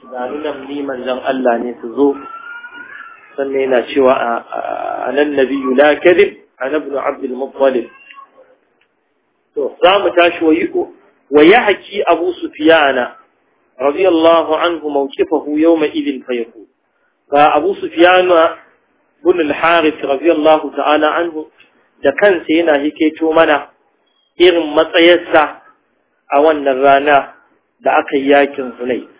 su gani nan ni manzon Allah ne su zo sannan yana cewa anan nabiyyu la kadhib ana ibn abd al-muttalib to za mu tashi wa yiko wa yahki abu sufyana radiyallahu anhu mawqifahu yawma idin fayaqul fa abu sufyana ibn al-harith radiyallahu ta'ala anhu da kansa yana hiketo mana irin matsayarsa a wannan rana da aka yi yakin Hunay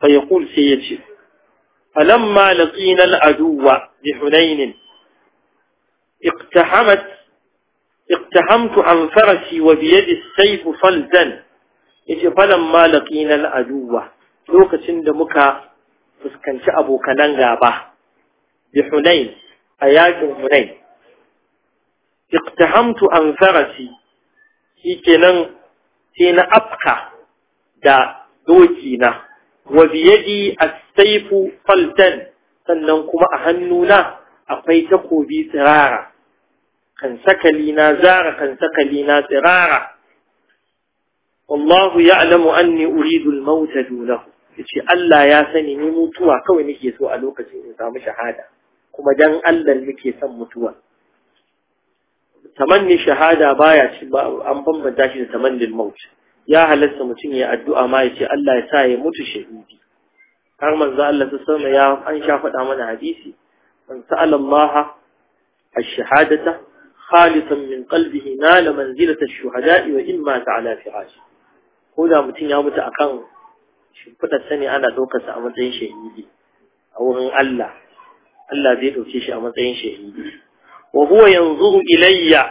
فيقول سيدي فلما لقينا العدو بحنين اقتحمت اقتحمت عن فرسي وبيد السيف فلدا إذ فلما لقينا العدو لوك سندمك فسكنت أبو كننغابة بحنين أياك حنين اقتحمت عن فرسي في كنن تين أبقى دا دوكينا وبيدي السيف فلتا فلنكم أهنونا أقيتكو بي سرارا خنسك لنا زارا خنسك لنا سرارا والله يعلم أني أريد الموت دونه إذا ألا ياسني موتوا كوي نكي سؤالوك سيئنسام شهادة كما جان ألا نكي سموتوا تمني شهادة بايا أمبم من تاشي تمني الموت ya halatta mutum ya addu'a ma ya ce Allah ya sa ya mutu shahidi har manzo Allah ta sama ya an sha faɗa mana hadisi man sa'ala Allah ash-shahadata khalisan min qalbihi nala manzilata ash-shuhada'i wa imma ta'ala fi'ash ko da mutum ya mutu akan shimfidar sani ana ɗaukar sa a matsayin shahidi a wurin Allah Allah zai ɗauke shi a matsayin shahidi wa huwa yanzuru ilayya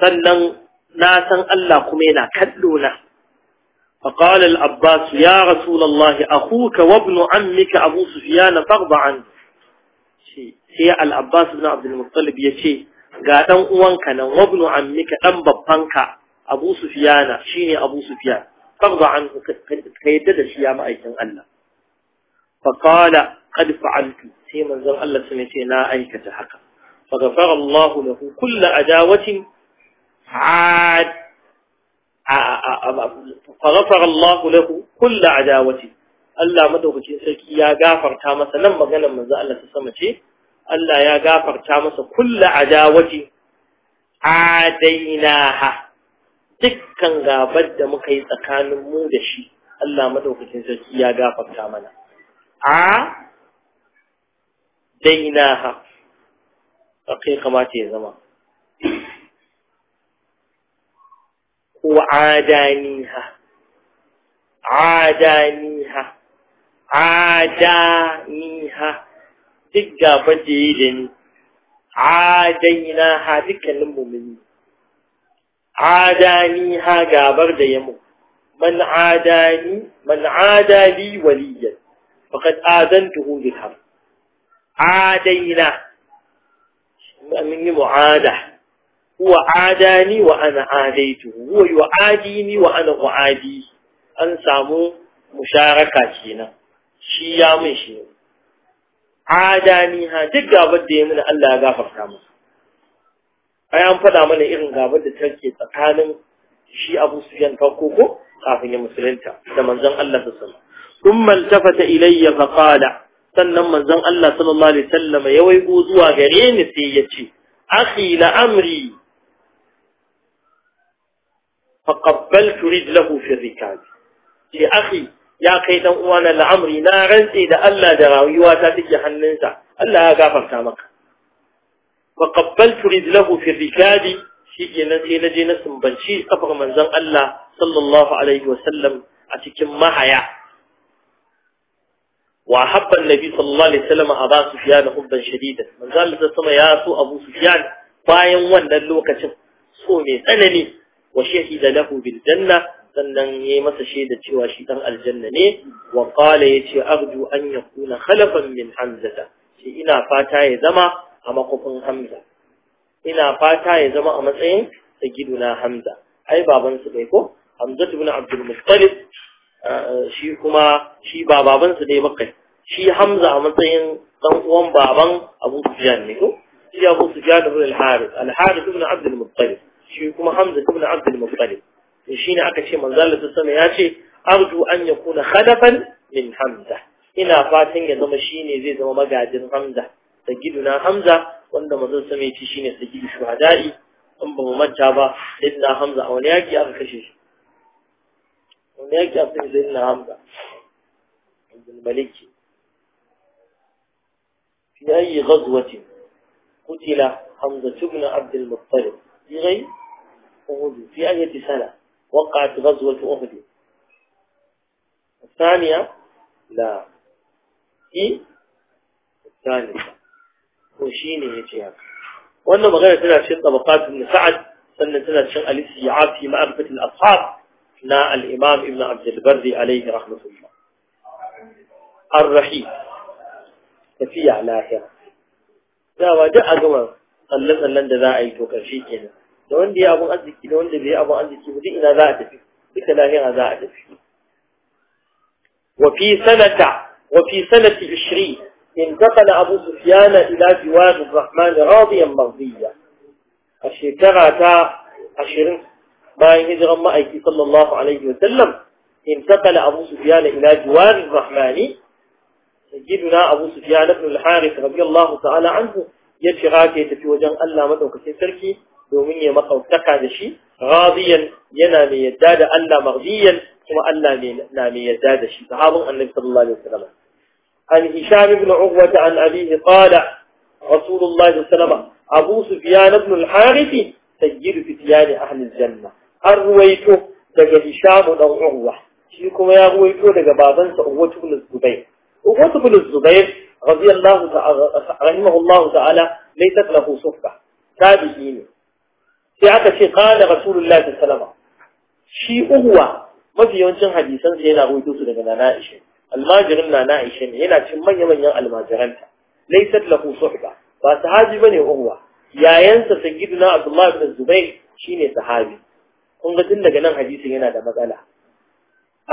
sannan na san Allah kuma yana kallo na فقال العباس يا رسول الله أخوك وابن عمك أبو سفيان فاغض عنه sai al'abbas ibn abdulmuttalib ya ce ga ɗan uwanka nan wabnu amika ɗan babbanka abu sufiyana shi ne abu sufiyan farba an ka yadda da shi ya Allah faƙala qad fa'altu sai manzon Allah sun ce na aikata haka faghfara Allah lahu kullu عاد فغفر الله له كل عداوته Allah madaukakin sarki ya gafarta masa nan maganar manzo Allah ta sama ce Allah ya gafarta masa kullu adawati adainaha dukkan gabar da muka yi tsakanin mu da shi Allah madaukakin sarki ya gafarta mana a dainaha akai kamata ya zama Kowa cada ni ha, cada ni da yi da ni, cadayina ha dukkanin mu min gabar da ya mun, mana cada di waliyyar, ba ka tsadar har, cadayina, mu huwa adani wa ana adaitu huwa adini wa ana adi an samu musharaka kenan shi ya min shi adani ha duk gabar da ya mini Allah ya gafarta masa ai an faɗa mana irin gabar da take tsakanin shi Abu Sufyan farko koko kafin ya musulunta da manzon Allah sallallahu alaihi wasallam thumma iltafata ilayya fa qala sannan manzon Allah sallallahu alaihi wasallam ya waigo zuwa gare ni sai ya ce akhi la amri فقبلت رجله في الركاب يا أخي يا كيدا وانا لعمري نا رنسي إذا ألا دراوي واتا تجي ألا الله يا فقبلت رجله في الركاب شيء نسي نجي نسم بنشي كفر من زن الله صلى الله عليه وسلم أتكم ما حيا وأحب النبي صلى الله عليه وسلم أبا سفيان حبا شديدا من زال لسما يا أبو سفيان باين وانا اللوكة سومي أنني wa shahida lahu bil janna sannan yayi masa shaida cewa shi dan aljanna ne wa qala yace arju an yakuna khalafan min hamzata shi ina fata ya zama a makofin hamza ina fata ya zama a matsayin sagiduna hamza ai baban su bai ko hamzatu ibn abdul muttalib shi kuma shi ba baban su dai bakai shi hamza a matsayin dan uwan baban abu sufyan ne ko shi abu sufyan ibn al-harith al-harith ibn abdul muttalib shi kuma hamza ibn abd al-muttalib shi ne aka ce manzo Allah sallallahu ya ce arju an yakuna khadafan min hamza ina fatan ya zama shine zai zama magajin hamza sagiduna hamza wanda manzo sallallahu ya ce shine sagidu shuhada'i an ba mu manta ba sayyidina hamza a wani yaki aka kashe shi wani yaki aka kashe sayyidina hamza ibn maliki في أي غزوة قتل حمزة بن عبد المطلب بغير أهدي في أي سنة وقعت غزوة أهدي الثانية لا في الثانية وشيني يجيها يعني. وأنه بغير سنة شيء طبقات ابن سعد سنة سنة شيء الاستيعاب في معرفة الأصحاب لا الإمام ابن عبد البردي عليه رحمة الله الرحيم تفيع لاهرة لا جاء قمر tsalle-tsallen da za a yi to karshe kenan da wanda ya abun arziki da wanda bai abun arziki ba duk ina za a tafi duka lahira za a tafi وفي سنة وفي سنة عشرين انتقل أبو سفيان إلى جوار الرحمن راضيا مرضيا الشكرة عشرين باين هجرا ما أيدي صلى الله عليه وسلم انتقل أبو سفيان إلى جوار الرحمن سيدنا أبو سفيان بن الحارث رضي الله تعالى عنه ya shiga ka ya tafi wajen Allah madaukakin sarki domin ya makautaka da shi radiyan yana mai yadda da Allah mardiyan kuma Allah na mai yadda da shi sahabin annabi sallallahu alaihi wasallam an hisham ibn uqwa an abihi qala rasulullah sallallahu alaihi wasallam abu sufyan ibn al-harith sayyidu fityan ahli al-janna an ruwaito daga hisham dan uqwa shi kuma ya ruwaito daga babansa uqwa ibn zubayr uqwa ibn zubayr رضي الله رحمه الله تعالى ليست له صحبة تابعين sai aka ce qala rasulullahi sallallahu shi uwa mafi yawancin hadisansa yana ruwaito su daga nana Aisha almajirin nana Aisha ne yana cin manya-manyan almajiranta laysat lahu suhba ba sahabi bane uwa yayansa sayyidina Abdullah ibn Zubair shine sahabi kun daga nan hadisin yana da matsala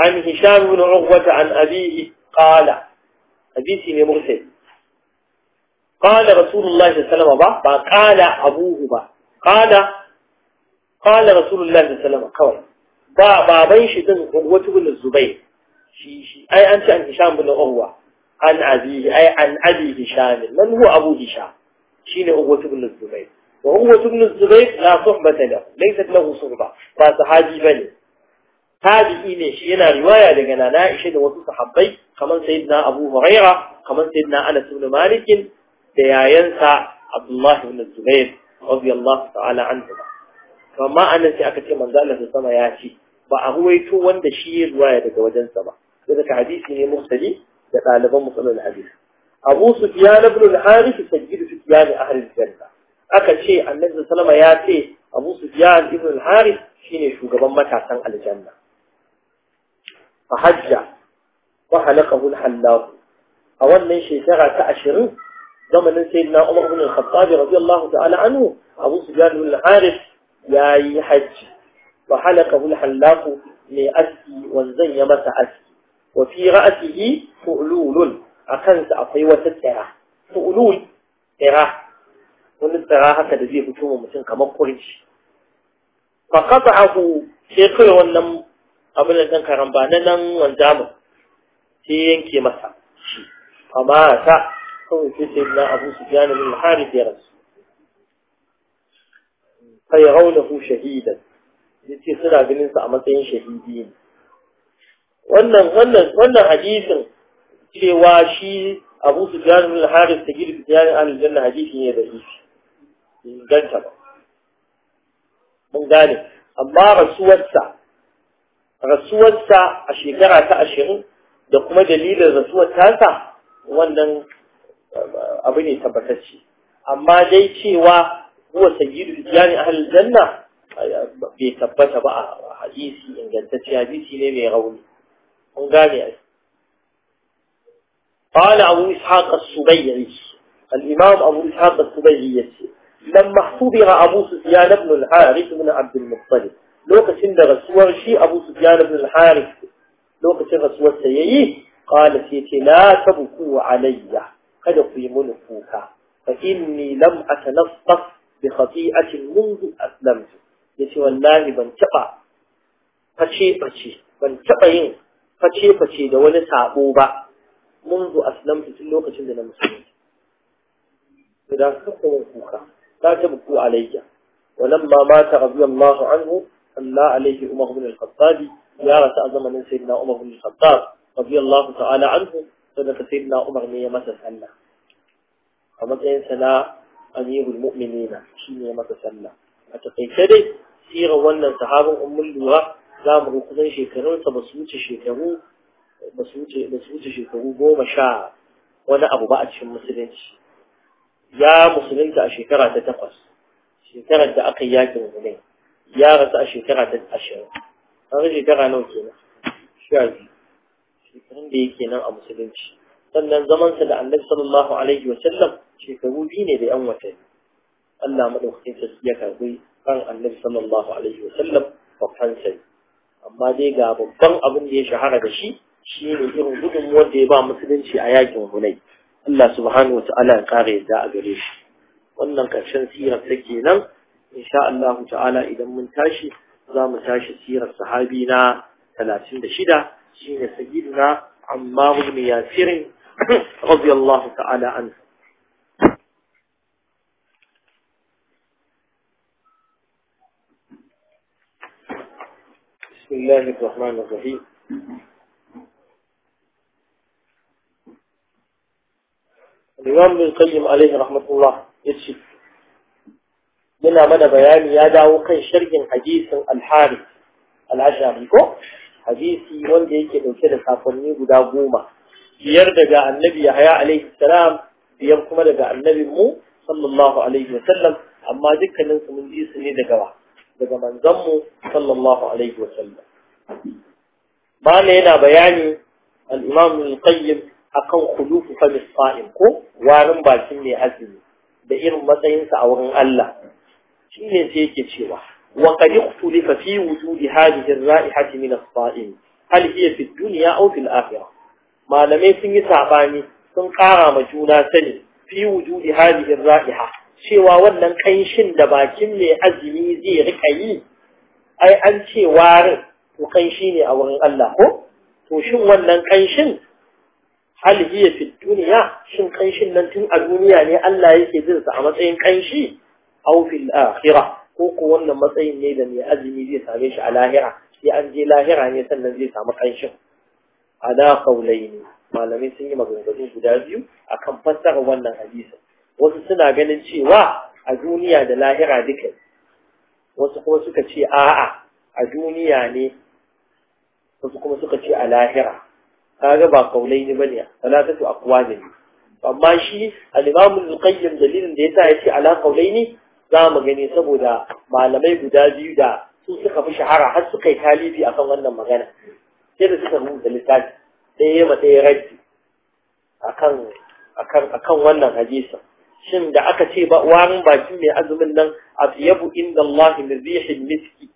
an hisham ibn uqwa an abihi qala حديث مرسل قال رسول الله صلى الله عليه وسلم قال أبوه با قال قال رسول الله صلى الله عليه وسلم قال با بابين شدن قوته بن الزبير أي أنت عن هشام بن أهوى عن أبيه أي عن أبي هشام من هو أبو هشام شين قوته بن الزبير وقوته بن الزبير لا صحبة له ليست له صحبة فصحابي بني tabi'i ne shi yana riwaya daga nana Aisha da wasu sahabbai kamar sayyidina Abu Huraira kamar sayyidina Anas ibn Malik da yayansa Abdullah ibn Zubair radiyallahu ta'ala anhu amma annan sai aka ce manzo Allah sama ya ce ba a ruwaito wanda shi ya riwaya daga wajensa ba sai daga hadisi ne mursali da ɗaliban musalul hadisi Abu Sufyan ibn al-Harith sayyidu Sufyan ahli al-Janna aka ce annabi sallama ya ce Abu Sufyan ibn al-Harith shine shugaban matasan aljanna فحج وحلقه الحلاق أولا شكرا كأشرين زمن سيدنا عمر بن الخطاب رضي الله تعالى عنه أبو سفيان بن الحارث يا يحج وحلقه الحلاق لأسي وانزي متى أسي وفي رأسه فؤلول أكنس أقوى تتعه فؤلول تعه ترى هكذا زي بتوم مثل كما قريش فقطعه شيخ ونم abin da karan ba na nan wanda mu sai yanke masa shi amma ta kawai sai sai na abu su gane min harith ya rasu fa ku shahidan yace suna ganin sa a matsayin shahidi wannan wannan wannan hadisin cewa shi Abu Sufyan bin Harith tagir biyan al-janna hadisi ne da shi inganta ba mun gane amma rasuwarsa rasuwarsa a shekara ta ashirin da kuma dalilin rasuwar tasa wannan abu ne tabbatacce amma dai cewa huwa sayyidu jani ahal janna bai tabbata ba a hadisi ingantacce hadisi ne mai rauni kun gane a قال أبو إسحاق السبيعي الإمام أبو إسحاق السبيعي لما اختبر أبو سفيان بن الحارث بن عبد المطلب lokacin da rasuwar shi abu su jana bin harif lokacin rasuwar sa yayi qala sai ce la wa alayya kada ku yi mun kuka fa inni lam atanaffas bi khati'atin mundu aslamtu yace wallahi ban taba face face ban taba yin face face da wani sabo ba mundu aslamtu tun lokacin da na musulunta idan kuka kuka la tabku alayya ولما مات رضي الله عنه صلى عليه عمر بن الخطاب يا رسا زمن سيدنا عمر بن الخطاب رضي الله تعالى عنه صلى سيدنا عمر مية متى صلى ومتين صلى أمير المؤمنين شي مية متى صلى أتقي كده سيرة ولا صحابة أم اللغة لا مرقضين شي كانون فبصوت شي كانون بصوت بصوت شي كانون بو مشاع وانا أبو بعد شي مسلم يا مسلم تأشي كرة تتقص شي كرة تأقياك المؤمنين ya rasu a shekara ta ashirin an rasu shekara nawa kenan sha biyu shekarun da yake nan a musulunci sannan zamansa da annabi sallallahu alaihi wa sallam shekaru biyu ne da yan watanni Allah madaukakin sarki ya karbi kan annabi sallallahu alaihi wa sallam babban sai amma dai ga babban abin da ya shahara da shi shi ne irin gudunmuwar da ya ba musulunci a yakin hunai Allah subhanahu wa ta'ala ya kare yadda a gare shi wannan karshen sirar ta nan? إن شاء الله تعالى إذا منتاشي ذا منتاشي سيرة صحابينا ثلاثين دشدة سين سيدنا عمار بن ياسر رضي الله تعالى عنه بسم الله الرحمن الرحيم الإمام بن القيم عليه رحمة الله يتشف yana mana bayani ya dawo kan sharhin hadisin alhari al'ashari ko hadisi wanda yake dauke da sakonni guda goma biyar daga annabi yahaya alaihi salam biyar kuma daga annabin mu sallallahu alaihi wa sallam amma dukkanin su mun ji su ne daga wa daga manzon mu sallallahu alaihi wa sallam bana yana bayani al-imam al-qayyim akan khulufu fa ko warin bakin mai azumi da irin matsayinsa a wurin Allah shine sai yake cewa wa qad ikhtulifa fi wujudi hadhihi ar-ra'ihati min as-sa'im hal hiya fi ad-dunya aw fi al-akhirah malamai sun yi sabani sun kara ma juna sani fi wujudi hadhihi ar-ra'iha cewa wannan kanshin da bakin mai azumi zai rika yi ai an ce warin to kanshi ne a wurin Allah ko to shin wannan kanshin hal hiya fi duniya shin kanshin nan tun a duniya ne Allah yake jin a matsayin kanshi aw fil akhirah ko ko wannan matsayin ne da mai azumi zai same shi a lahira sai an je lahira ne sannan zai samu kanshin ala qawlaini malamai sun yi maganganu guda biyu akan fassara wannan hadisin wasu suna ganin cewa a duniya da lahira duka wasu kuma suka ce a'a a duniya ne wasu kuma suka ce a lahira kaga ba ne bane salatatu aqwalin amma shi al-imam al-qayyim dalilin da yasa yace ala qaulaini za mu gani saboda malamai guda biyu da su suka fi shahara har su kai talibi akan wannan magana sai da suka rubuta littafi ɗaya ma ɗaya raddi akan akan akan wannan hadisin shin da aka ce ba warin bakin mai azumin nan abyabu inda Allah min miski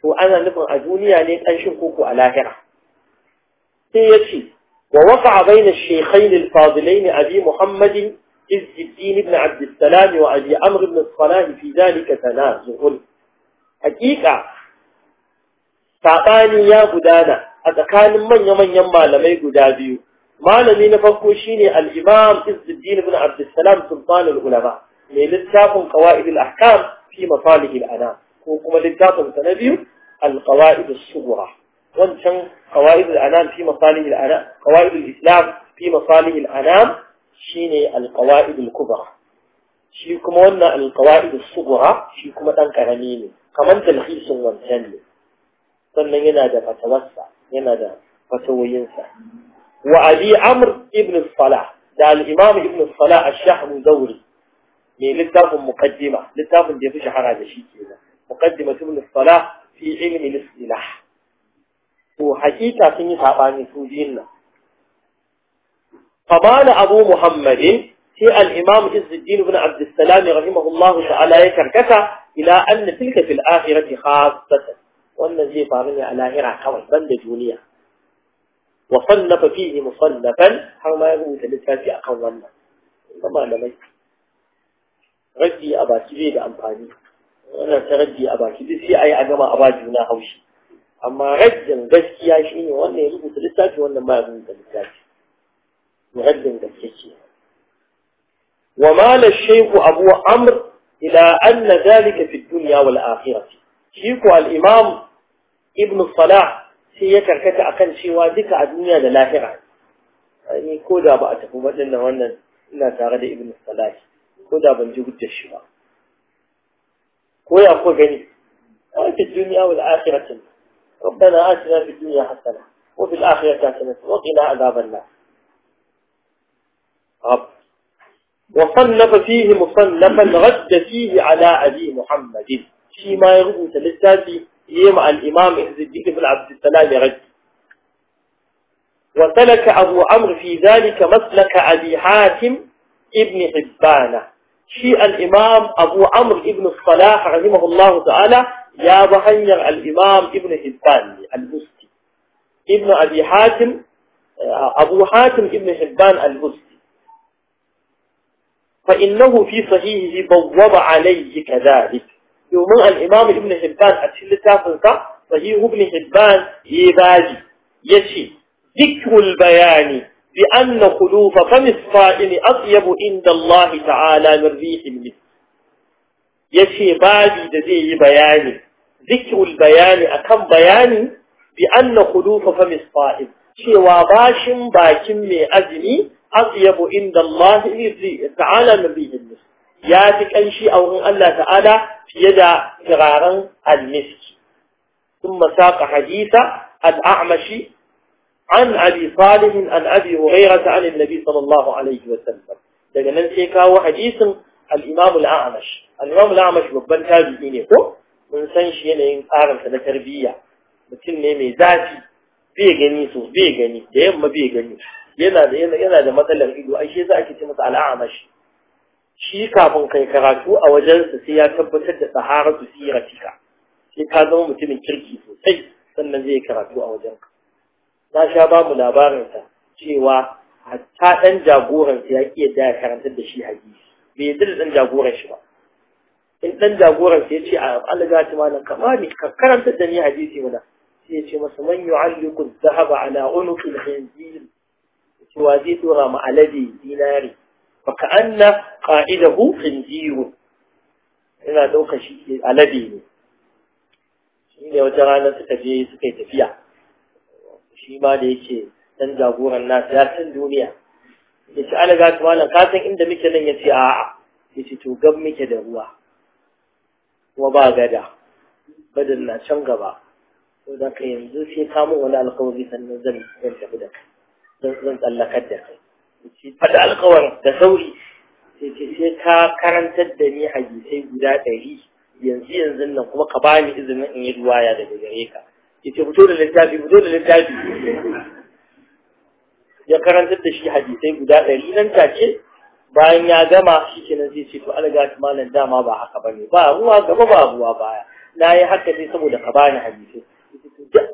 to ana nufin a duniya ne kanshin koko a lahira sai yace wa waqa baina ash-shaykhayn al abi muhammadin عز الدين بن عبد السلام وأبي أمر بن الصلاه في ذلك تنازع حقيقة ساقاني يا بدانا أتقان من يمن يمع لمي قدابيو ما لني نفقوشيني الإمام عز الدين بن عبد السلام سلطان العلماء لنتشاف قوائد الأحكام في مصالح الأنام وكما لنتشاف سنبيو القوائد الصغرى وانشان قوائد الأنام في مصالح الأنام قوائد الإسلام في مصالح الأنام شيني القواعد الكبرى شيكم وانا القواعد الصغرى شيكم وانا كرميني كمان تلخيص وانتاني صنع ينا دا فتوسع ينا دا فتوينسع وعلي عمر ابن الصلاة دا الامام ابن الصلاة الشحم دوري من لتاف مقدمة لتاف ديفش حراجة شيكينا مقدمة ابن الصلاة في علم الاسلاح وحكيتا سنسع باني سوجينا فقال أبو محمد في الإمام عز الدين بن عبد السلام رحمه الله تعالى يكركك إلى أن تلك في الآخرة خاصة والنزي فارني على هرع خوي بند جونية وصنف فيه مصنفا هل ما يقول تلسفاتي أقوانا ثم ردي أبا كبير ام أمباني أنا تردي أبا كبير في أي أجمع أبا جونا هوشي أما رجل بس كياشيني وأنا يقول تلسفاتي وأنا ما يقول تلسفاتي muhaddin gaske ومال الشيخ أبو أمر إلى أن ذلك في الدنيا والآخرة شيخ الإمام ابن الصلاح سيكر كتا أقل شيء ذكى الدنيا للاهرة يعني كودا بأتكو بدلنا وانا لا تغدى ابن الصلاح كودا بنجو قد الشباب كويا أقول غني في الدنيا والآخرة ربنا آتنا في الدنيا حسنة وفي الآخرة حسنة وقنا عذاب الناس وصنف فيه مصنفا رد فيه على أبي محمد فيما يربط للتاتي يمع الإمام عز الدين بن عبد السلام رد وسلك أبو عمرو في ذلك مسلك أبي حاتم ابن حبان في الإمام أبو عمرو ابن الصلاح رحمه الله تعالى يا بحير الإمام ابن حبان المسكي ابن أبي حاتم أبو حاتم ابن حبان المسكي فإنه في صحيحه بوض عليه كذلك يوم الإمام ابن حبان أتشل تافلتا صحيح ابن حبان يباجي يشي ذكر البيان بأن خلوف فم الصائم أطيب عند الله تعالى من ريح المسك يشي باجي دزي بيان ذكر البيان أكم بيان بأن خلوف فم الصائم شي واباش باكم أزمي أطيب عند الله رزي تعالى مبيه المسك ياتك أنشي أو أن الله تعالى يدع فرارا المسك ثم ساق حديث الأعمش عن أبي صالح عن أبي هريرة عن النبي صلى الله عليه وسلم لأن ننسيك هو حديث الإمام الأعمش الإمام الأعمش مبن تابعينه من سنشين ينقارن كذا تربية مثل نيمي ذاتي بيغني سو بيغني ديم ما بيغني yana da yana da matsalar ido ai shi za ake ce masa al'ama shi Shi kafin kai karatu a wajen su sai ya tabbatar da sahara su tika sai ka zama mutumin kirki sosai sannan zai karatu a wajen ka na sha ba mu labarin sa cewa hatta dan jagoran sa ya ki da karantar da shi hadisi bai yadda da dan jagoran shi ba in dan jagoran sa ya ce Allah ya ci malam kamani ka karanta da ni hadisi mana sai ya ce masa man yu'alliqu dhahaba ala unuqil khinzir cewa zai dora ma alade dinari ba ka ƙa'ida hukun jiro ina ɗauka shi alade ne shi ne wata ranar suka je suka yi tafiya shi ma da yake dan jagoran nasu ya san duniya ya ce alaga gasu malam ka san inda muke nan ya ce a'a ya ce to gab muke da ruwa kuma ba gada gadan na can gaba ko da ka yanzu sai kamun wani alkawari sannan zan tafi da kai zan tsallakar da kai ce alkawar da sauri sai ce ka karantar da ni hadisai guda ɗari yanzu yanzu nan kuma ka ba ni izinin in yi ruwaya daga gare ka ya ce fito da littafi fito da littafi ya karantar da shi hadisai guda ɗari nan take bayan ya gama shi kenan zai ce to alga malam dama ba haka ba ne, ba ruwa gaba ba ruwa baya na yi haka ne saboda ka bani hadisai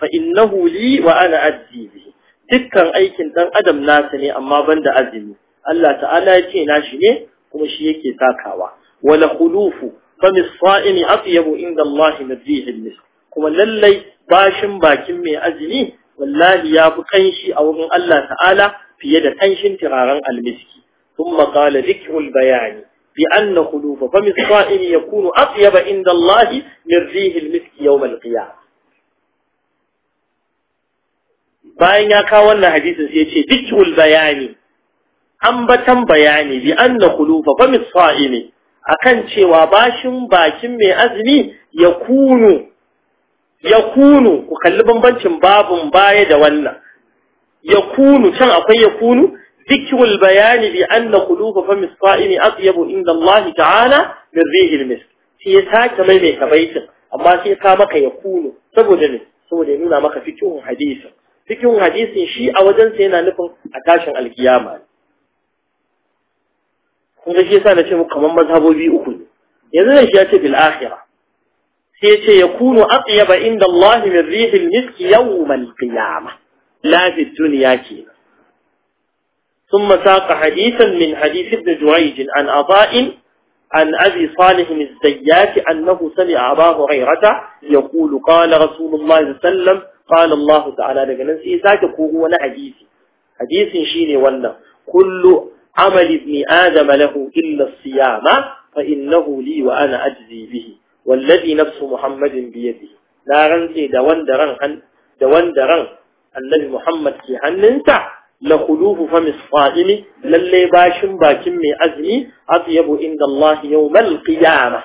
fa innahu li wa ana addi dukkan aikin ɗan adam nasa ne amma banda azumi Allah ta'ala ya ce nashi ne kuma shi yake takawa wala khulufu fa mis-sa'imi atyabu inda Allah nadhihi kuma lallai bashin bakin mai azumi wallahi ya fi kanshi a wurin Allah ta'ala fiye da kanshin turaren almiski ثم قال ذكر البيان بأن خلوف فم الصائم يكون أطيب عند الله من ريح المسك يوم القيامة bayan ya kawo wannan hadisin sai ya ce dikul bayani ambatan bayani bi anna khulufa fa misaimi akan cewa bashin bakin mai azumi ya kunu ya kunu ku kalli bambancin babun baya da wannan ya kunu can akwai ya kunu dikul bayani bi anna khulufa fa misaimi atyabu inda Allah ta'ala min rihil misk sai ya sake mai mai kabaitin amma sai ka maka ya kunu saboda ne saboda ya nuna maka fikihun hadisin cikin hadisin shi a wajensa yana nufin a tashin alkiyama kun ga shi yasa na ce mu kaman mazhabobi uku ne yanzu nan shi ya ce bil akhirah sai ya ce ya kunu atyaba inda Allah min rihil yawm al qiyama la fi dunya ki ثم ساق حديثا من حديث ابن جريج عن عطاء عن أبي صالح الزيات أنه سمع أبا هريرة يقول قال رسول الله صلى الله عليه وسلم قال الله تعالى daga nan sai sake kogo wani hadisi hadisin shine wannan kullu amal ibn adam lahu illa siyama fa innahu li wa ana ajzi bihi wallazi nafsu muhammadin bi yadihi na rantse da wanda ran da wanda ran annabi muhammad ke hannunta la khulufu fa misqaimi lalle bashin bakin mai azmi atyabu inda allah yawmal qiyamah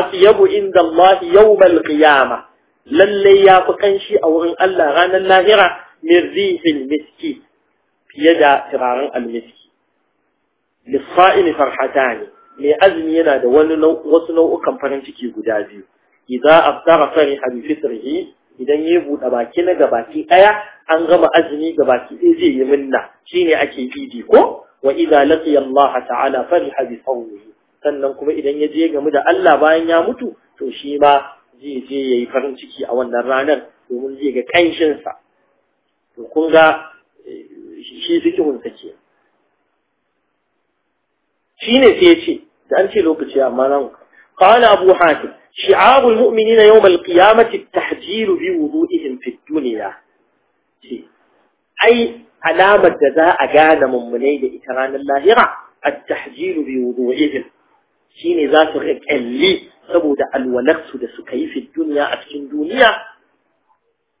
atyabu inda allah yawmal qiyamah lallai ya fi kanshi a wurin Allah ranar lahira min rihil miski fiye da turaren almiski farhata ne mai azumi yana da wani wasu nau'ukan farin ciki guda biyu idza aftara farin bi fitrihi idan ya buɗe baki na gabaki ɗaya an gama azumi gabaki ɗaya zai yi minna Shi ne ake idi ko wa idza laqiya Allah ta'ala fari bi sawmihi sannan kuma idan ya je game da Allah bayan ya mutu to shi ma zai je ya yi farin ciki a wannan ranar domin zai ga ƙanshinsa to kun ga eh, shi fikihunsa ke shi ne sai ya ce da an ce lokaci amma nan قال أبو حاتم شعار المؤمنين يوم القيامة التحجير بوضوئهم في الدنيا أي علامة جزاء قال من منيد إتران اللاهرة التحجير بوضوئهم شين ذات غير اللي saboda alwalarsu da suka yi fi duniya a cikin duniya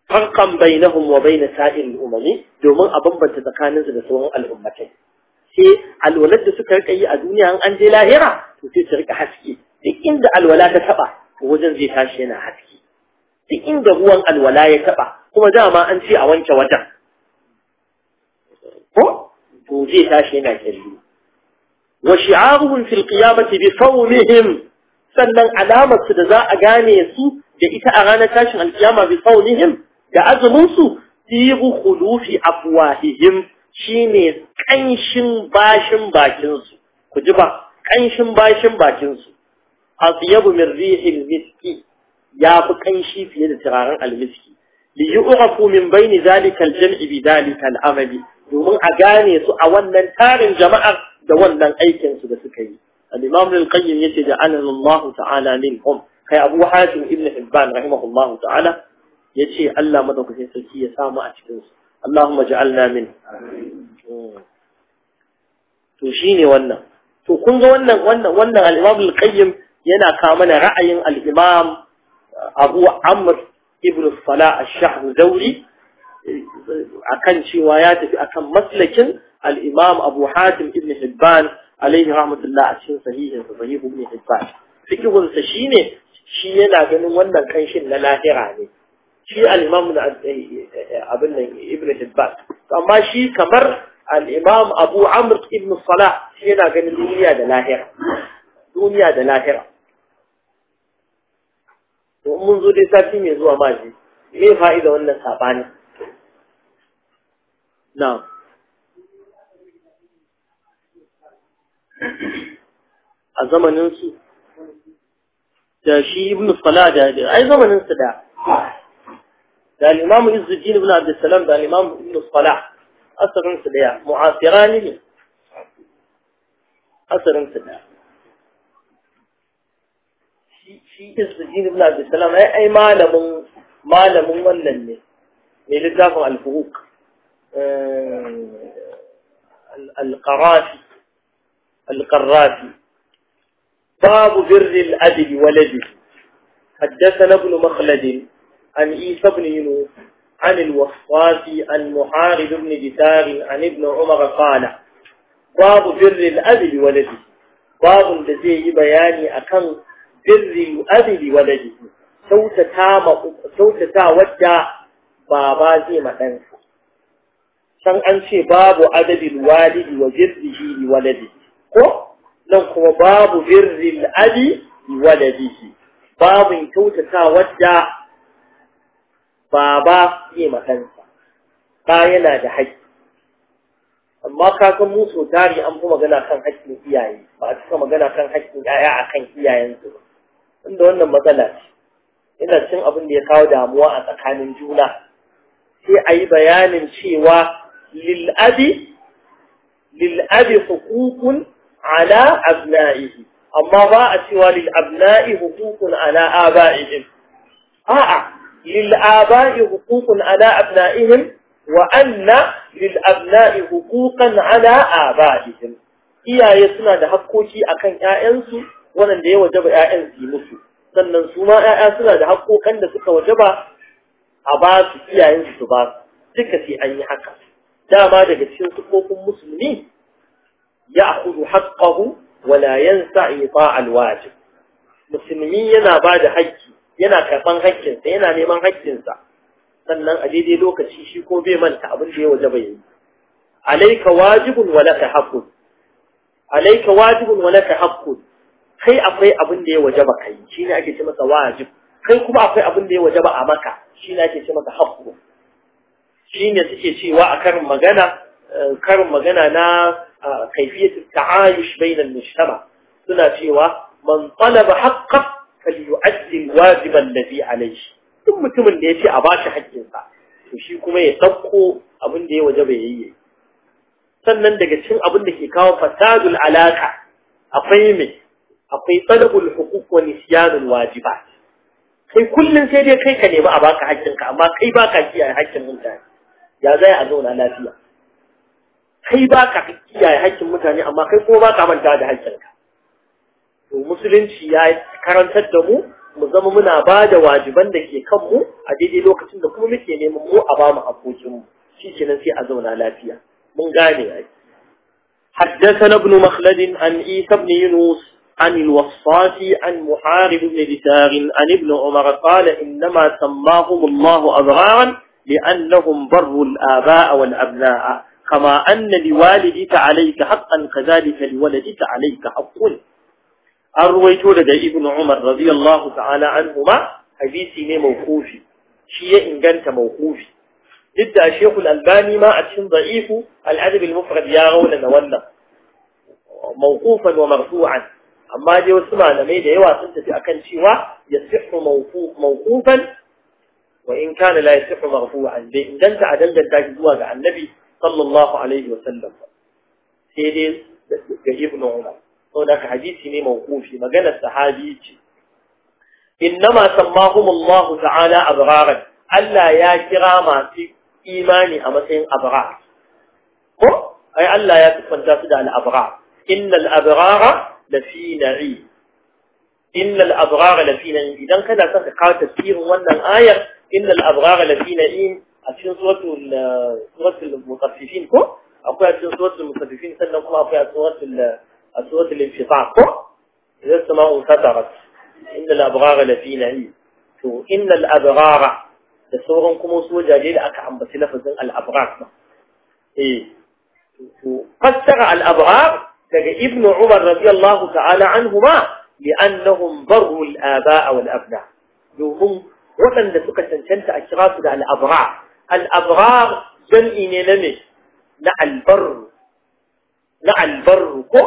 farkan bainahum wa baina sa'il umami domin a bambanta tsakaninsu da sauran al'ummatai sai alwalar da suka rika yi a duniya an je lahira to sai su rika haske duk inda alwala ta taba wajen zai tashi yana haske duk inda ruwan alwala ya taba kuma dama an ce a wanke wajen ko to zai tashi yana kyalli wa shi'aruhum fil qiyamati bi sawmihim sannan alamar su da za a gane su da ita a ranar tashin alkiyama bi saunihim da azumin su siru khulufi afwahihim shine kanshin bashin bakin su ku ji ba kanshin bashin bakin su asyabu min rihil miski ya fi kanshi fiye da turaren almiski li yu'rafu min bayni zalika aljam'i bi zalika al'amali domin a gane su a wannan tarin jama'ar da wannan aikin su da suka yi al-imam al-qayyim yace da anallahu ta'ala minhum kai abu hatim ibn hibban rahimahullahu ta'ala yace Allah madaukakin sarki ya samu a cikin su Allahumma ja'alna min to shine wannan to kun ga wannan wannan wannan al al-qayyim yana kawo mana ra'ayin al-imam Abu Amr akan cewa ya tafi akan maslakin al-imam Abu Hatim ibn Hibban alaihi rahmatullah a cikin sahihin sa sahih ibn hibban fikihun sa shine shi yana ganin wannan kanshin na lahira ne shi al-imam eh, abin nan ibn hibban amma shi kamar al-imam abu amr ibn salah shi yana ganin duniya da lahira duniya da lahira to mun zo dai sati mai zuwa ma ji me fa'ida wannan sabani na'am a zamaninsu. da shi ibn Salah da ai zamanin su da da al-Imam Izzuddin ibn Abd Salam da al-Imam ibn Salah asarin su daya mu'asirani ne asarin su daya shi Izzuddin ibn Abd Salam ai ai malamin malamin wannan ne mai littafin al-Fuhuq eh, al-Qarafi القرافي باب بر الأب ولده حدثنا ابن مخلد عن عيسى بن يونس عن الوصاف عن محارب بن جدار عن ابن عمر قال باب بر الأب ولده باب لديه بياني أكن بر الأب ولده sautata wadda baba بابا زي Can an ce babu adadin walidi wa jirgihi waladi, ko nan kuma babu birrin abi Babu babin kyautata wadda baba ke makansa ba yana da haƙƙi amma ka san mu so tari an fi magana kan haƙƙin iyaye ba a cika magana kan haƙƙin 'ya'ya a kan iyayensu ba inda wannan matsala ce ina cin abin da ya kawo damuwa a tsakanin juna sai a yi bayanin cewa lil'abi lil'adi hukukun ala abna'ihi amma ba a cewa lil abna'i hukukun ala aba'ihim a'a lil aba'i hukukun ala abna'ihim wa anna lil abna'i hukukan ala aba'ihim iyaye suna da hakkoki akan ƴaƴansu da ya wajaba ƴaƴan su musu sannan su ma ƴaƴa suna da hakkokan da suka wajaba a ba su iyayen su ba duka sai an yi haka dama daga cikin sukofin musulmi ya'khudhu haqqahu wa la yansa ita wajib musulmi yana ba da haƙƙi yana karɓan haƙƙinsa yana neman haƙƙinsa sannan a daidai lokaci shi ko bai manta abin da ya waje bai yi alayka wajibun wa laka haqqun alayka wajibun wa laka haqqun kai akwai abin da ya waje ba kai shine ake ce masa wajib kai kuma akwai abin da ya waje ba a maka shine ake ce masa Shi shine suke cewa a karin magana karin magana na كيفية التعايش بين المجتمع هنا فيه من طلب حقه فليؤدي الواجب الذي عليه ثم ثم اللي في أباش حق ينفع وشي كما يتبقوا أبن دي وجبهي سنن دقى شن أبن دي كاو فساد العلاقة أقيم أقي طلب الحقوق ونسيان الواجبات في كل سيدي كي كان يبقى أباك حق ينفع أما كي باك حق ينفع يا زي أزون أنا فيها kai ba ka kiyaye haƙƙin mutane amma kai kuma ba ka manta da haƙƙinka to musulunci ya karantar da mu mu zama muna ba da wajiban da ke kanmu a daidai lokacin da kuma muke neman mu a ba mu haƙoƙinmu shi kenan sai a zauna lafiya mun gane ai حدثنا ابن مخلد عن عيسى بن يونس عن الوصاف عن محارب بن دثار عن ابن عمر قال إنما سماهم الله أبرارا لأنهم بروا الآباء والأبناء كما أن لوالدك عليك حقا كذلك لولدك عليك حقا أرويت لدى ابن عمر رضي الله تعالى عنهما حديثي موقوفي شيء إن كانت موقوفي ضد الشيخ الألباني ما أتشن ضعيف الأدب المفرد يا غولا ولا موقوفا ومرفوعا أما دي وسمع لمي دي واسنت في أكن شوا يصح موقوف موقوفا وإن كان لا يصح مرفوعا بإن دنت عدل دنت عن النبي صلى الله عليه وسلم سيدين ابن عمر هناك حديث موقوف في مجال الصحابي إنما سماهم الله تعالى أبرارا ألا يا كراما في إيماني أمسين أبرار هو أي ألا يا تكفن تاسد على أبرار إن الأبرار لفي نعيم إن الأبرار لفي نعيم إذا كذا سنقال تفسير وأن الآية إن الأبرار لفي نعيم أتين صورة ال صورة المتصفين كو أكو أتين صورة المتصفين سنة كو أكو صورة ال صورة الانفطاع كو إذا السماء فطرت إن الأبرار لفي نعيم شو إن الأبرار الصور كم صور جديدة أك بس لفظ الأبرار ما إيه شو فسر الأبرار تجا ابن عمر رضي الله تعالى عنهما لأنهم بروا الآباء والأبناء دوهم وطن لسكة تنشنت أشغاث على الأبرار al'abrar jam'i ne na na albarru na albarru ko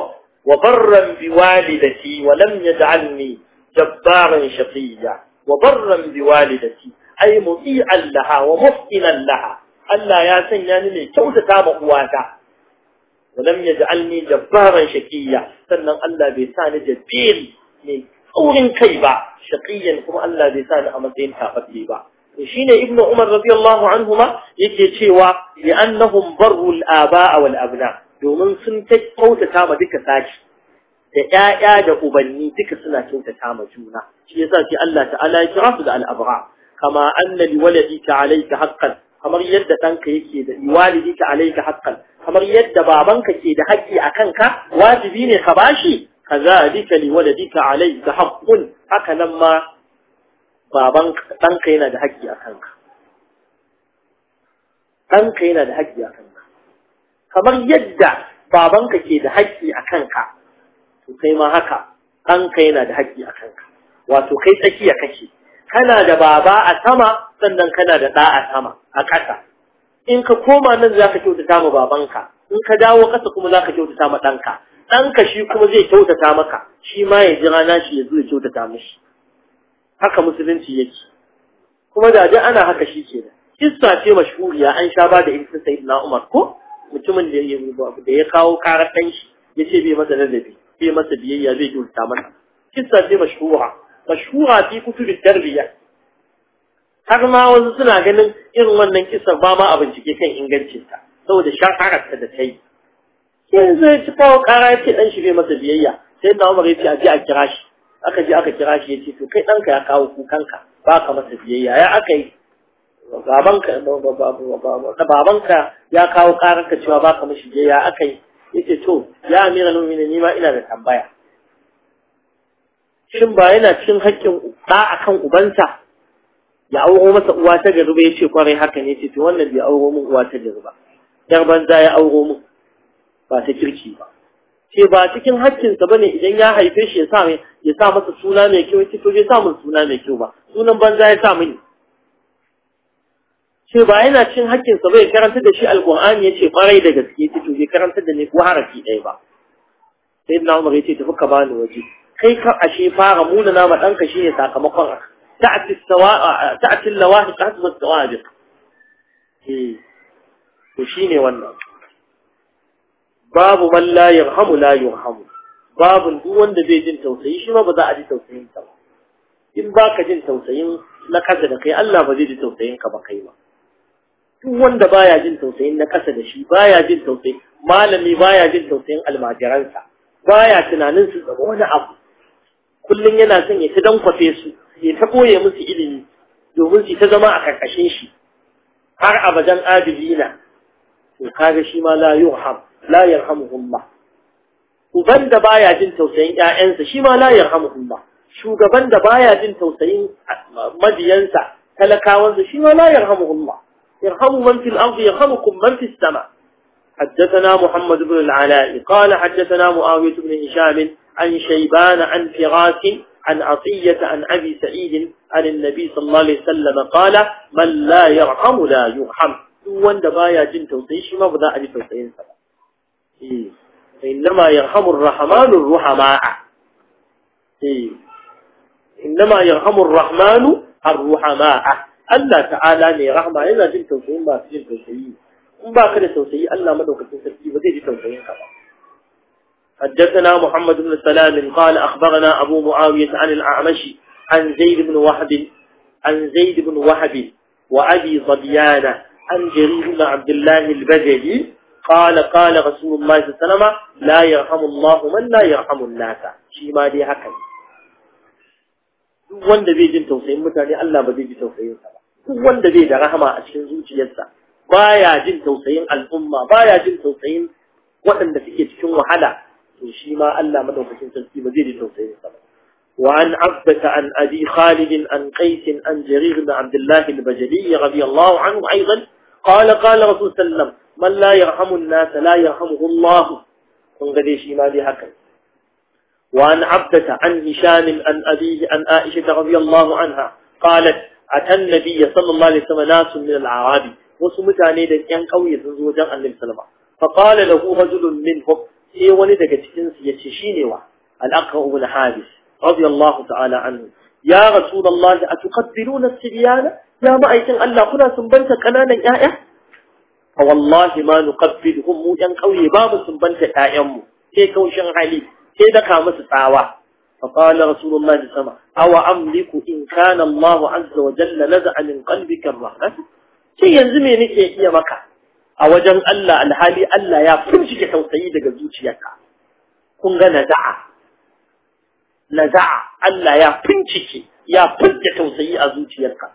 wa barran bi walidati wa lam yaj'alni jabbaran shaqiya wa barran bi walidati ay muti'an laha wa muhsinan laha Allah ya sanya ni mai kyautata ma uwata wa lam yaj'alni jabbaran shaqiya sannan Allah bai sa ni jabbir mai tsaurin kai ba shaqiyan kuma Allah bai sa ni a matsayin tafaffe ba shine ibnu umar radiyallahu anhuma yake cewa li annahum barrul abaa wal abna domin sun kautata ma duka saki da ƴaƴa da ubanni duka suna kyautata ma juna shi yasa sai Allah ta'ala ya kira su da al-abra kama anna li waladika alayka haqqan kamar yadda danka yake da walidika alayka haqqan kamar yadda babanka ke da haƙƙi akan ka wajibi ne ka bashi kazalika li waladika alayka haqqun haka nan ma baban ɗanka yana da haƙƙi a kanka ɗanka yana da haƙƙi a kanka kamar yadda babanka ke da haƙƙi a kanka to kai ma haka ɗanka yana da haƙƙi a kanka wato kai tsakiya kake kana da baba a sama sannan kana da ɗa a sama a ƙasa in ka koma nan za ka kyautata ma babanka in ka dawo ƙasa kuma za ka kyautata ma ɗanka ɗanka shi kuma zai kyautata maka shi ma ya jira na shi ya zo ya kyautata mishi haka musulunci yake kuma da dai ana haka shi ke da kissa ce mashhuriya an sha ba da ibnu na umar ko mutumin da ya da ya kawo karatan dan shi yace bai masa ladabi bai masa biyayya bai kyauta mana kissa ce mashhura mashhura fi kutubi tarbiya har ma wasu suna ganin irin wannan kissa ba ma a bincike kan ingancinta saboda shaharar ta da ta yi zai ci kawo kara ya ce dan shi bai masa biyayya sai na umar ya ce a je a kira shi aka je aka kira shi ya ce to kai ɗanka ya kawo kukanka ba ka masa biyayya ya aka yi babanka babanka ya kawo ƙararka cewa ba ka mashi biyayya aka yi ya ce to ya amira ne ni ma ina da tambaya shin ba yana cikin haƙƙin ɗa akan ubansa ya auro masa uwa ta gari ba ya ce kwarai haka ne ce to wannan bai auro min uwa ta gari ba yar banza ya auro min ba ta kirki ba ke ba cikin haƙƙinsa ba ne idan ya haife shi ya sa ya sa masa suna mai kyau ce to je sa mun suna mai kyau ba sunan banza ya sa mini ke ba yana cin haƙƙinsa ba ya karanta da shi alƙur'ani ya ce ƙwarai da gaske ki to je karanta da ni ko harafi ɗaya ba sai na umar ya ce tafi ka bani waje kai ka ashe fara muna na ma ɗanka shi ne sakamakon ta'atil lawahi ta'atil lawahi ta'atil eh, lawahi to ne wannan babu man la yarhamu la yarhamu babu duk wanda bai jin tausayi shi ma ba za a ji tausayin sa in baka jin tausayin na kasa da kai Allah ba zai ji tausayin ka ba kai ba duk wanda baya jin tausayin na kasa da shi baya jin tausayi malami baya jin tausayin almajiransa baya tunanin su daga wani abu kullum yana son ya ta dankwafe su ya ta boye musu ilimi domin su ta zama a karkashin shi har abadan adilina to kaga shi ma la yuhab لا يرحمه الله وبن دا بايا جن توسين يا انسا شما لا يرحمه الله شو غبن دا بايا جن توسين مدينسا تلكا وانسا شما لا يرحمه الله يرحم من في الأرض يرحمكم من في السماء حدثنا محمد بن العلاء قال حدثنا معاوية بن هشام عن شيبان عن فراس عن عطية عن أبي سعيد عن النبي صلى الله عليه وسلم قال من لا يرحم لا يرحم وان دبايا جن توسين شما بدا أبي توسين سلام إيه. إنما يرحم الرحمن الرحماء إيه. إنما يرحم الرحمن الرحماء الله تعالى رحمة إلا yana jin ما في jin tausayi in ba ka da tausayi Allah madaukakin sarki ba zai ji حدثنا محمد بن سلام قال أخبرنا أبو معاوية عن الأعمش عن زيد بن وهب عن زيد بن وهب وأبي ظبيان عن جرير بن عبد الله البجلي قال قال رسول الله صلى الله عليه وسلم لا يرحم الله من لا يرحم الناس shi ma dai haka ne duk wanda bai jin tausayin mutane Allah ba zai ji tausayin sa ba duk wanda bai da rahama a cikin zuciyarsa baya jin tausayin al'umma baya jin tausayin waɗanda suke cikin wahala to shi ma Allah madaukakin sarki ba zai ji tausayin sa ba وعن عبة عن أبي خالد عن قيس عن جرير بن عبد الله البجلي رضي الله عنه أيضا قال قال رسول الله من لا يرحم الناس لا يرحمه الله كن قد يشيما بهك وأن عبدت عن هشام عن أبيه عن عائشة رضي الله عنها قالت أتى النبي صلى الله عليه وسلم ناس من العرب وسمت عن يدك أن قوي زوجا عن المسلمة فقال له رجل منهم هي إيه ولدك تنس يتشيني وعن الأقرأ بن حادث رضي الله تعالى عنه يا رسول الله أتقبلون السريان يا معي سن الله كنا سنبنت كنانا يا إيه؟ fawallahi ma nuqabbiduhum mu dan kauye babu sun banta ƴaƴan mu ke kaushin hali ke daka musu tsawa fa qala rasulullah sama awa amliku in kana allah azza wa jalla naz'a min qalbika rahmat ce yanzu me nake iya maka a wajen Allah alhali Allah ya furci ka tausayi daga zuciyarka kun ga nada'a nada'a Allah ya fincike ya furta tausayi a zuciyarka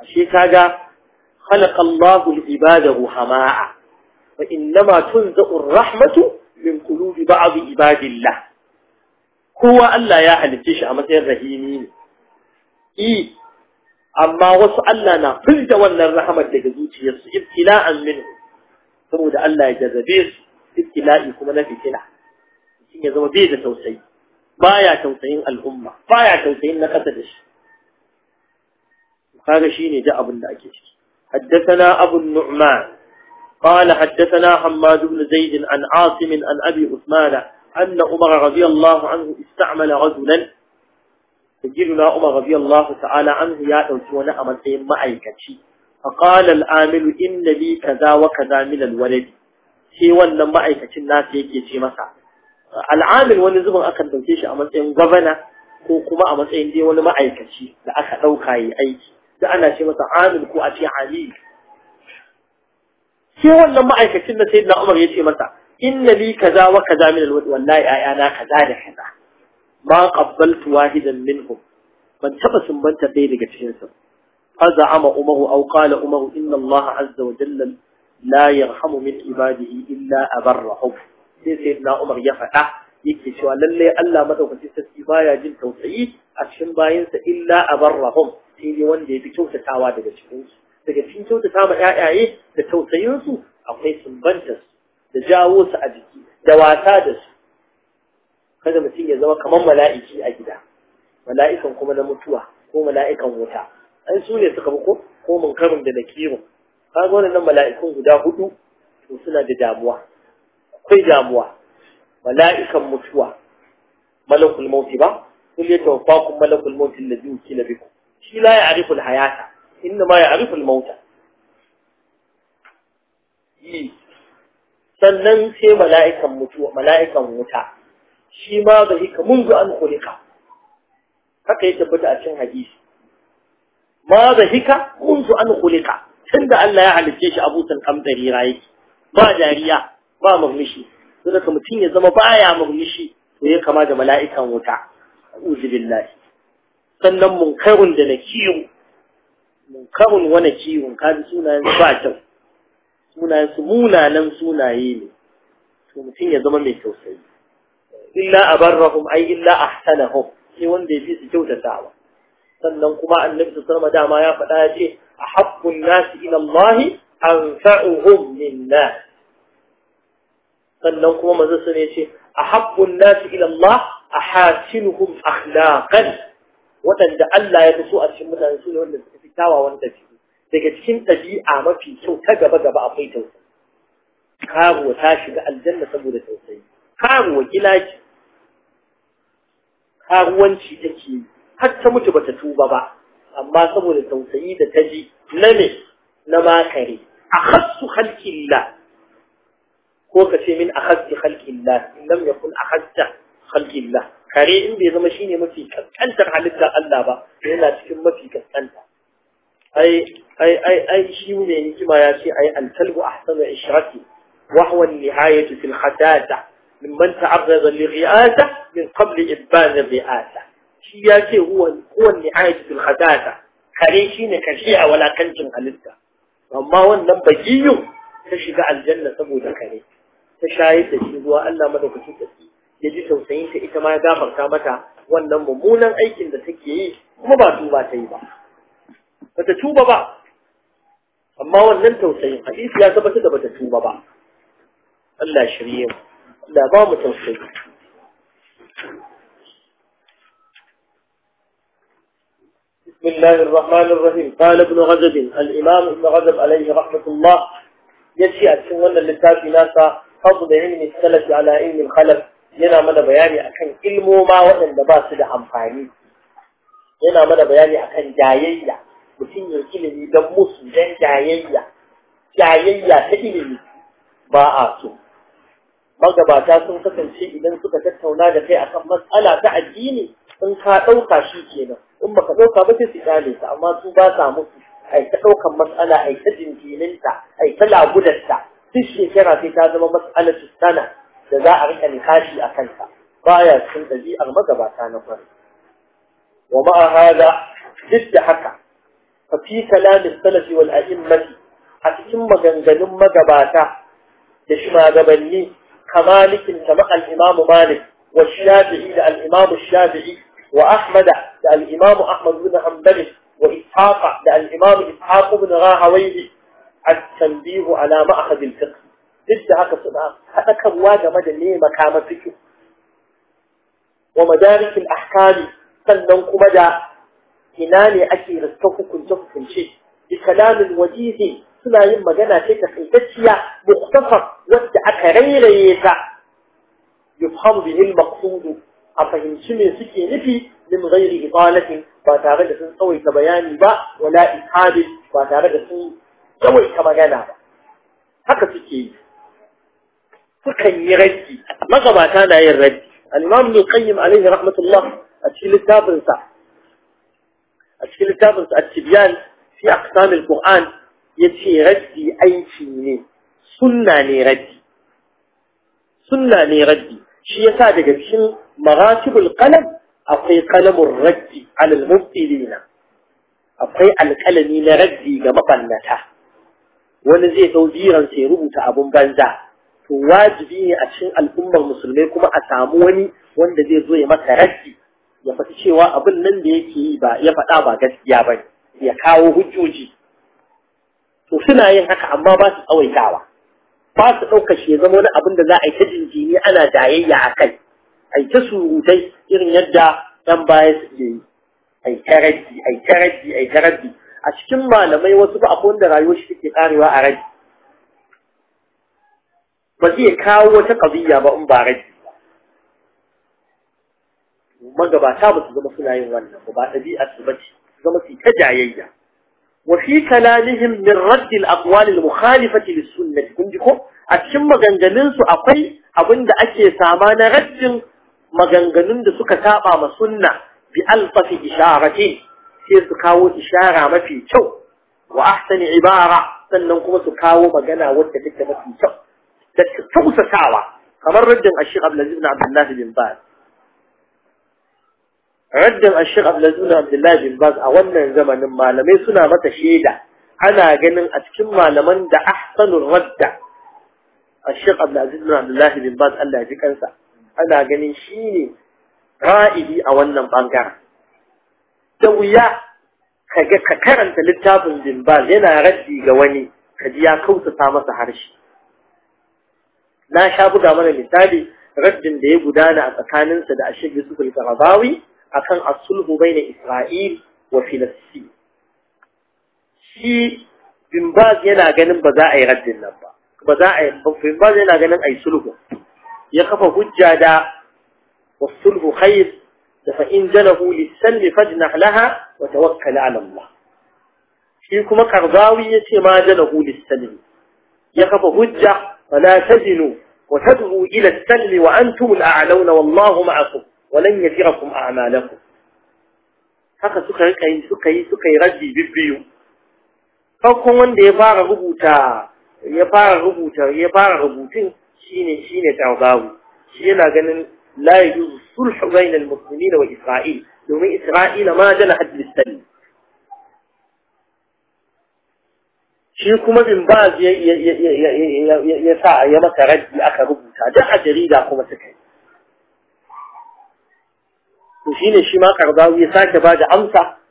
ashe kaga خلق الله عباده حماء فإنما تنزع الرحمة من قلوب بعض عباد الله هو ألا يا أهل حلتش عمس الرهيمين إي أما وسألنا فلد ولا الرحمة لجزوت يسو ابتلاء منه فمود ألا يجذبير ابتلاء يكون لك سلع إن يزم بيد توسي ما يا توسين الأمة ما يا توسين نقتلش هذا شيء جاء من أكيد حدثنا أبو النعمان قال حدثنا حماد بن زيد عن عاصم عن أبي عثمان أن عمر رضي الله عنه استعمل رجلا سجلنا عمر رضي الله تعالى عنه يا أمن أمسين معيكتي فقال العامل إن لي كذا وكذا من الولد شي wannan ma'aikacin nasa yake ce masa al'amil wani zubin akan dauke shi أمن أي gwamna ko kuma a matsayin dai شيء da ana ce masa amil ko a ce amil sai wannan ma'aikacin na sayyidina Umar ya ce masa inna li kaza wa kaza min alwad wallahi ayana kaza da kaza ma qabbaltu wahidan minhum ban taba sumbanta ɗaya daga cikin su faza'ama umaru aw qala umaru inna Allah azza wa jalla la yarhamu min ibadihi illa abarrahum sai sayyidina Umar ya faɗa yake cewa lalle Allah madaukaki sarki baya jin tausayi a cikin bayinsa illa abarrahum sai dai wanda ya fi kyautatawa daga cikinsu daga cikin kyautata ma ƴaƴaye da tausayinsu akwai sumbantar da jawo su a jiki da wasa da su kada mutum ya zama kamar mala'iki a gida mala'ikan kuma na mutuwa ko mala'ikan wuta an su ne suka ko ko munkarin da ka ga wannan mala'ikun guda hudu to suna da damuwa akwai damuwa mala'ikan mutuwa malakul mauti ba kul yatawaffakum malakul mauti alladhi wukila bikum shi la ya'rifu al-hayata innama ya'rifu al-mauta sannan sai mala'ikan mutu mala'ikan wuta shi ma da hika munzu an kulika haka ya tabbata a cikin hadisi ma da hika munzu an kulika tunda Allah ya halicce shi abutan kamdari rayi ba dariya ba murmushi da mutum ya zama baya murmushi to ya kama da mala'ikan wuta a'udhu billahi sannan munkarun da na nakirun munkarun wa nakirun kaji sunayen su ba kyau sunayen su munanan sunaye ne to mutum ya zama mai tausayi illa abarrahum ai illa ahsanahum sai wanda ya fi su wa. sannan kuma annabi sallallahu alaihi dama ya faɗa ya ce ahabbun nasi ila Allah anfa'uhum minna sannan kuma manzo ya ce ahabbun nasi ila Allah ahasinuhum akhlaqan waɗanda Allah ya fi so a cikin mutane su ne wanda suka fi kyawawan ɗabi'u daga cikin ɗabi'a mafi kyau ta gaba gaba akwai tausayi karuwa ta shiga aljanna saboda tausayi karuwa kilaki karuwanci take yi har ta mutu bata tuba ba amma saboda tausayi da ta ji na me na makare a hassu ko ka ce min a hassi in lam yakun a hassa kare in bai zama shine mafi kaskantar halitta Allah ba yana cikin mafi kaskanta ai ai ai ai shi ne hikima ya ce ai al-kalbu ahsanu ishrati wa huwa nihayatu fil khadada mimman ta'arrada li ri'ata min qabl ibban ri'ata shi ya ce huwa huwa nihayatu fil khatata kare shine karshe a walakancin halitta amma wannan bakiyu ta shiga aljanna saboda kare ta shayi da shi zuwa Allah madaukakin sarki ya ji tausayin ta ita ma ya gafarta mata wannan mummunan aikin da take yi kuma ba tuba ta yi ba bata tuba ba amma wannan tausayin hadisi ya tabbatar da bata tuba ba Allah shirye mu Allah ba mu tausayi بسم الله الرحمن الرحيم قال ابن غزب الإمام ابن غزب عليه رحمة الله يجي أتشون للتاكي ناسا فضل علم السلف على علم الخلف yana mana bayani akan ilmoma waɗanda ba su da amfani yana mana bayani akan jayayya mutum ya ilimi don musu don jayayya jayayya ta ilimi ba a so magabata sun kasance idan suka tattauna da kai akan matsala ta addini in ka ɗauka shi kenan in baka ɗauka ba sai su ƙyale ta amma su ba sa musu ai ta ɗaukan matsala ai ta jinjininta ai ta lagudarta duk shekara sai ta zama matsalar sana da za a rika nikashi a kanta baya cin cikin ɗabi'ar magabata na kwarai wa ma hada duk da haka fa fi kalamin salafi wal a'immati a cikin maganganun magabata da shugabanni kamalikin kama al-imamu malik wa shafi'i da al-imamu shafi'i wa ahmad da al-imamu ahmad bin hanbali wa ishaq da al-imamu ishaq bin rahawayi at-tanbih ala ma'had al-fiqh duk da haka suna haɗakarwa game da ne makamar fikin wa madarikin ahkami sannan kuma da ina ne ake riska hukunce hukunce bi kalamin wajizi suna yin magana ce ta kaitacciya mukhtafar wadda aka rairaye ta yufhamu bihi al-maqsud a fahimci me suke nufi min ghairi ibalatin ba tare da sun tsawaita bayani ba wala ihadin ba tare da sun tsawaita magana ba haka suke yi sukan yi raddi magabata na yin raddi al-imam al-qayyim alaihi rahmatullah a cikin littafin sa a cikin littafin sa at-tibyan fi aqsam al-qur'an yace raddi aiki ne sunna ne raddi sunna ne raddi shi yasa daga cikin maratibul qalam akwai qalamur raddi ala al-mubtilina akwai alƙalami na raddi ga mabannata wani zai dau biran sai rubuta abun banza to wajibi ne a cikin al'ummar musulmai kuma a samu wani wanda zai zo ya masa raddi ya faɗi cewa abin nan da yake yi ba ya faɗa ba gaskiya ba ya kawo hujjoji to suna yin haka amma ba su tsawaitawa ba su ɗauka shi ya zama wani abin da za a yi ta jinjini ana dayayya a kai a yi ta surutai irin yadda ɗan baya suke yi a yi ta raddi a yi ta raddi a yi ta raddi a cikin malamai wasu ba akwai wanda rayuwar shi take karewa a raddi بزي كاوة قضية با امبارد ومانجا با تابس زمسنا يوانا وبا تبيع السبت زمسي تجعيي وفي كلامهم من رد الأقوال المخالفة للسنة كنتكو أتشم مغنجنين سؤقي أبن دا أكي سامانا رد مغنجنين دا سكتابا مسنة بألطة إشارة سير تكاو إشارة ما في شو وأحسن عبارة سننكم تكاوة مغنى وتكتب في شو da tausasawa kamar raddin ashiq abdulaziz bin abdullahi bin baz raddin ashiq abdullahi bin abdullahi bin baz a wannan zamanin malamai suna mata shaida ana ganin a cikin malaman da ahsanur radda ashiq abdullahi bin baz Allah ji kansa ana ganin shine ra'idi a wannan bangaren da wuya kaga ka karanta littafin bin baz yana raddi ga wani kaji ya kausa masa harshe na sha buga mana misali raddin da ya gudana a tsakaninsa da ashir yusuf al-qaradawi akan as-sulhu baina isra'il wa filistin shi Bimbaz yana ganin ba za a yi raddin nan ba ba za a yi yana ganin yi sulhu ya kafa hujja da was-sulhu khair da fa in jalahu lis-salm fajnah laha wa tawakkal 'ala Allah shi kuma qardawi yace ma jalahu lis-salm ya kafa hujja فلا تزنوا وتدعوا إلى السل وأنتم الأعلون والله معكم ولن يزركم أعمالكم حقا سكي سكي سكي رجي ببيو فكم من دي ربوتا يفارا ربوتا يفارا ربوتين شيني شيني تعضاو شينا قنن لا يجوز الصلح بين المسلمين وإسرائيل لما إسرائيل ما جنحت للسل shi kuma bin ba ya sa ya maka raddi aka rubuta duk a jarida kuma suka yi to shine shi ma karbawi ya sake ba da amsa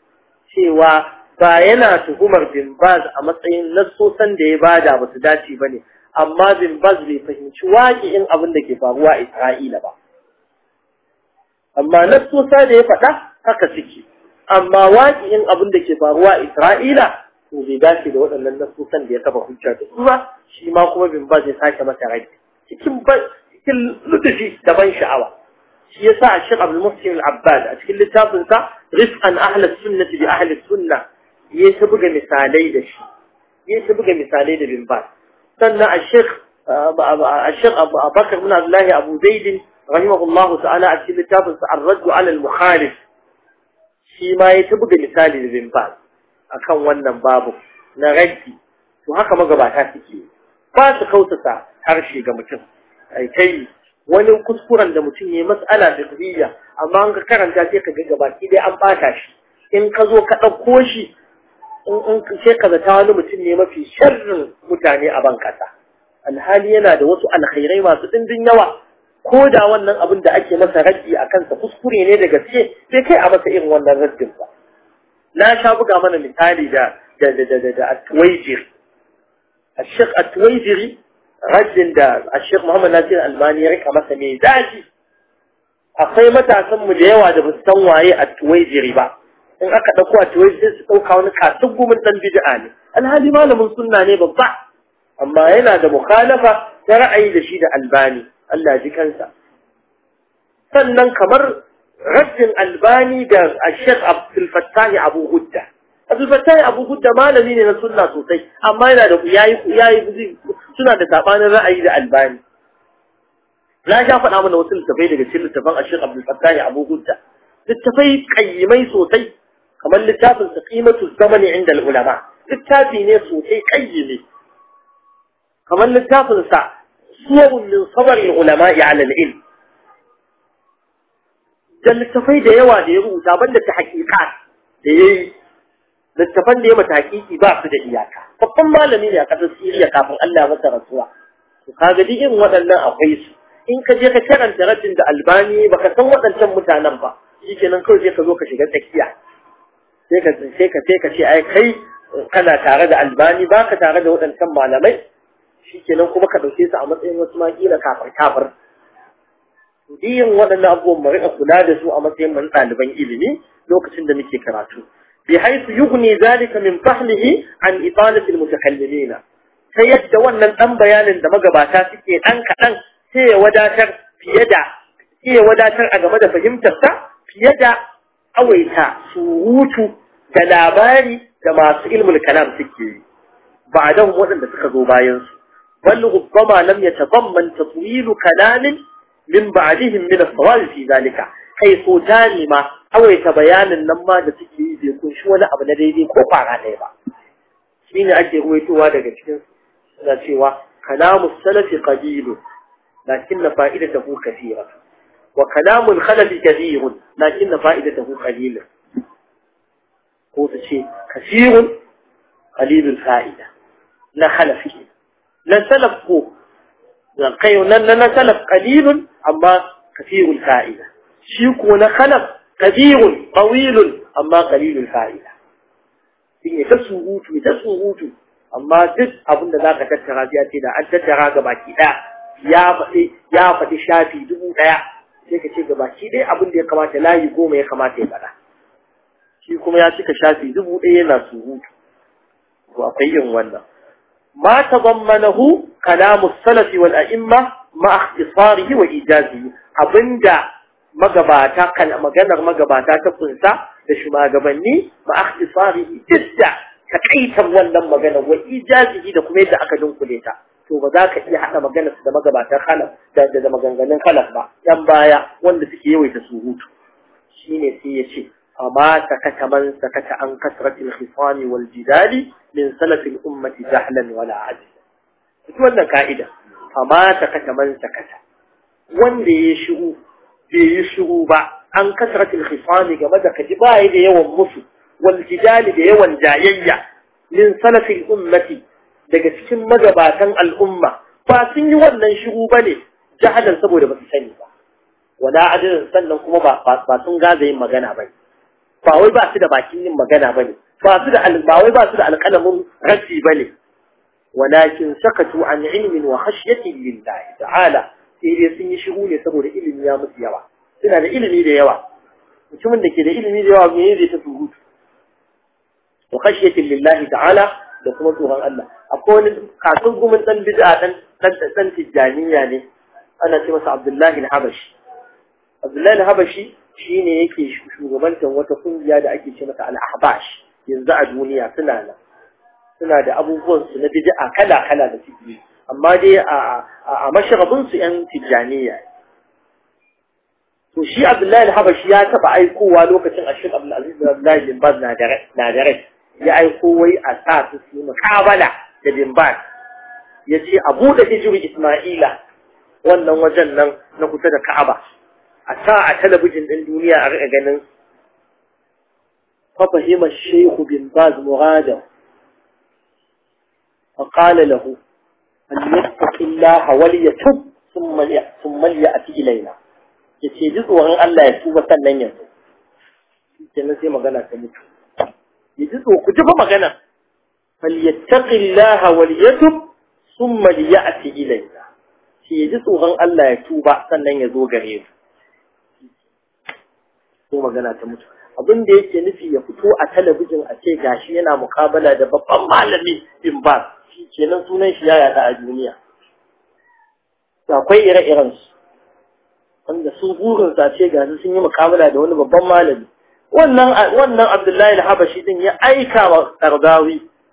cewa ba yana tuhumar bin a matsayin nassosan da ya bada ba su dace ba ne amma bin baz bai fahimci in abin da ke faruwa a isra'ila ba amma nassosa da ya faɗa haka suke amma in abin da ke faruwa a isra'ila to bai dace da wadannan nasukan da ya taba hujja da su ba shi ma kuma bin ba zai sake masa rai cikin ba cikin lutufi da ban sha'awa shi yasa a Sheikh Abdul Muhsin Al-Abbad a cikin littafin sa Rif'an Ahlus Sunnah bi Ahlus Sunnah ya ta buga misalai da shi ya ta buga misalai da bin ba sannan a Sheikh a Sheikh Bakar bin Abdullahi Abu Zaid rahimahullahu ta'ala a cikin littafin sa Ar-Radd 'ala al-Mukhalif shi ma ya ta buga misali da bin ba akan wannan babu na ranki to haka magabata suke ba su kautata harshe ga mutum ai kai wani kuskuren da mutum ya mas'ala da dubiya amma an ka karanta sai ka ga gabaki dai an bata shi in ka zo ka ɗauko shi in sai ka zata wani mutum ne mafi sharrin mutane a bankasa alhali yana da wasu alkhairai masu dindin yawa ko da wannan abin da ake masa raddi a kansa kuskure ne da gaske sai kai a masa irin wannan raddin ba لا شابك أمان المثالي دا دا دا دا دا دا التويجري الشيخ التويجري رجل دا الشيخ محمد ناسير ألماني ريكا مسمي داجي أخي متى أسمو ليوا دا بستنواي التويجري با إن أكد أكو التويجري سيكون كاتبو من تنبيد آني الهالي مالا من سنة نيبا با أما هنا دا مخالفة ترى أي لشيد ألماني الله جي كانسا فلنن كمر رد الألباني در الشيخ عبد الفتاح أبو غدة عبد الفتاح أبو غدة ما لمين سنة سوطي أما هنا دو ياي ياي سنة تتابعنا رأي الألباني لا شافة نعمل نوصل التفايد لكسير التفاق الشيخ عبد الفتاح أبو غدة التفايد قيمة سوطي كما لتاف قيمة الزمن عند العلماء التابيني سوطي قيمة كما لتاف صور من صبر العلماء على العلم da littafai da yawa da ya rubuta banda ta hakikat da ya yi littafan da ya mata hakiki ba su da iyaka babban malami ne a ƙasar siriya kafin allah masa rasuwa to kaga duk irin waɗannan akwai su in ka je ka karanta rajin da albani baka san waɗancan mutanen ba shikenan kawai sai ka zo ka shiga tsakiya sai ka sai ka sai ka ce ai kai kana tare da albani baka tare da waɗancan malamai shikenan kuma ka ɗauke su a matsayin wasu makila kafar kafar yin waɗannan abubuwan mu rika kula da su a matsayin wani ɗaliban ilimi lokacin da muke karatu bi haythu yughni zalika min fahmihi an italati almutakallimin ta yadda wannan ɗan bayanin da magabata suke ɗan kaɗan, sai ya wadatar a game da fahimtar ta fiye da awaita surutu da labari da masu ilmul kalam suke yi Ba dan waɗanda suka zo bayansu. bayan su bal ya lam yatabamman tatwilu kalamin من بعدهم من الصلاة في ذلك حيث تاني ما أويت بيان النما نتجي بيكون شو ولا أبنى ذي كوفا غانيبا سمين أجي هو يتوى ذلك كلام السلف قليل لكن فائدته كثيرة وكلام الخلف كثير لكن فائدته قليلة هو تشي كثير قليل الفائدة لا خلف لا سلفه kai nan na salaf qalilun amma kafiul fa'ila shi ko na khalaf kabirun tawilun amma qalilul fa'ida in ya surutu ya surutu amma duk abin da zaka tattara ya ce da an tattara ga baki da ya faɗi ya faɗi shafi dubu daya sai ka ce ga baki dai abin da ya kamata layi goma ya kamata ya faɗa shi kuma ya cika shafi dubu daya yana surutu to akwai yin wannan ما تضمنه كلام السلف والأئمة مع اختصاره وإيجازه أبندا magabata ta مقنر da تقنسا لشما قبني مع اختصاره جدا تكيتا ولا مقنر وإيجازه لكم dunkule ta. كليتا to ba za ka iya haɗa maganar da magabatan khalaf da da maganganun khalaf ba yan baya wanda suke yawaita surutu shine sai ya ce amma sakata man sakata an kasratil khisami wal jidali من سلف الأمة جهلا ولا عدلا. تتولى كائدة فما تكت من تكت وانده يشعو بيشعو بع عن كثرة الخصام كمدك جباه دي يوم مصر والجدال دي يوم جايية من سلف الأمة دكتك مذباتا الأمة فاسن يوانا يشعو بني جهلا سبو لبس سنة ولا عدلا سنة كمبا فاسن غازين مغانا بني فاول باسد باكين مغانا بني ولكن سكتوا عن علم وخشية لله تعالى إذا سنشغول يسبب إلم يا مديوة سنة إلم يديوة وكمان كده إلم يديوة من يدي تفهود وخشية لله تعالى لكمتها الله أقول قاتلوا من تنبذ آتن تنتسن تجاني يعني أنا سمس عبد الله الحبش عبد الله الحبشي شيني يكيش وشو غمانتا وتقوم بيادة أكيش مثلا على أحباش yanzu a duniya suna nan suna da abubuwan su na bid'a kala kala da yi, amma dai a a mashrabin su yan tijaniya to shi Abdullahi al-Habashi ya taba aikowa lokacin Ashir Abdul Aziz Abdullahi bin na dare ya aiko wai a sa su su mukabala da bin Ya ce a buɗe hijir Isma'ila wannan wajen nan na kusa da Ka'aba a sa a talabijin ɗin duniya a riƙa ganin ففهم الشيخ بن باز مغادا فقال له أن يتق الله وليتب ثم ليأتي إلينا يتجد وغن الله يتوب سنن يتوب كان سيما كمتو يجد وكجب مغنى فليتق الله وليتب ثم ليأتي إلينا يجد وغن الله يتوب سنن يتوب ثم غنى كمتو abin da yake nufi ya fito a talabijin a ce gashi yana mukabala da babban malami bin ba shi kenan sunan shi ya yada a duniya akwai ire-iren su wanda sun burin sa ce gashi sun yi mukabala da wani babban malami wannan wannan Abdullahi al-Habashi din ya aika wa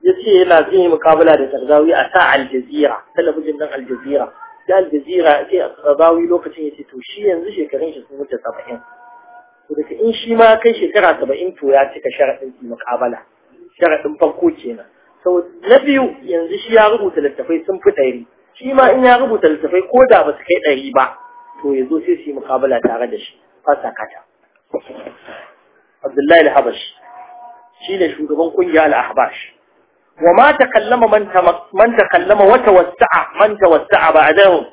Ya ce yana zai yi mukabala da Qardawi a ta Al Jazeera talabijin din Al Jazeera da Al Jazeera ce Qardawi lokacin ce to shi yanzu shekarun shi sun wuce 70 to daga in shi ma kai shekara saba'in to ya cika sharaɗin su muƙabala sharaɗin farko kenan sau na biyu yanzu shi ya rubuta littafai sun fi ɗari shi ma in ya rubuta littafai ko da ba su kai ɗari ba to ya zo sai su yi muƙabala tare da shi fasa kata abdullahi al-habash shi ne shugaban ƙungiyar al-ahbash وما تكلم من من تكلم وتوسع من توسع بعدهم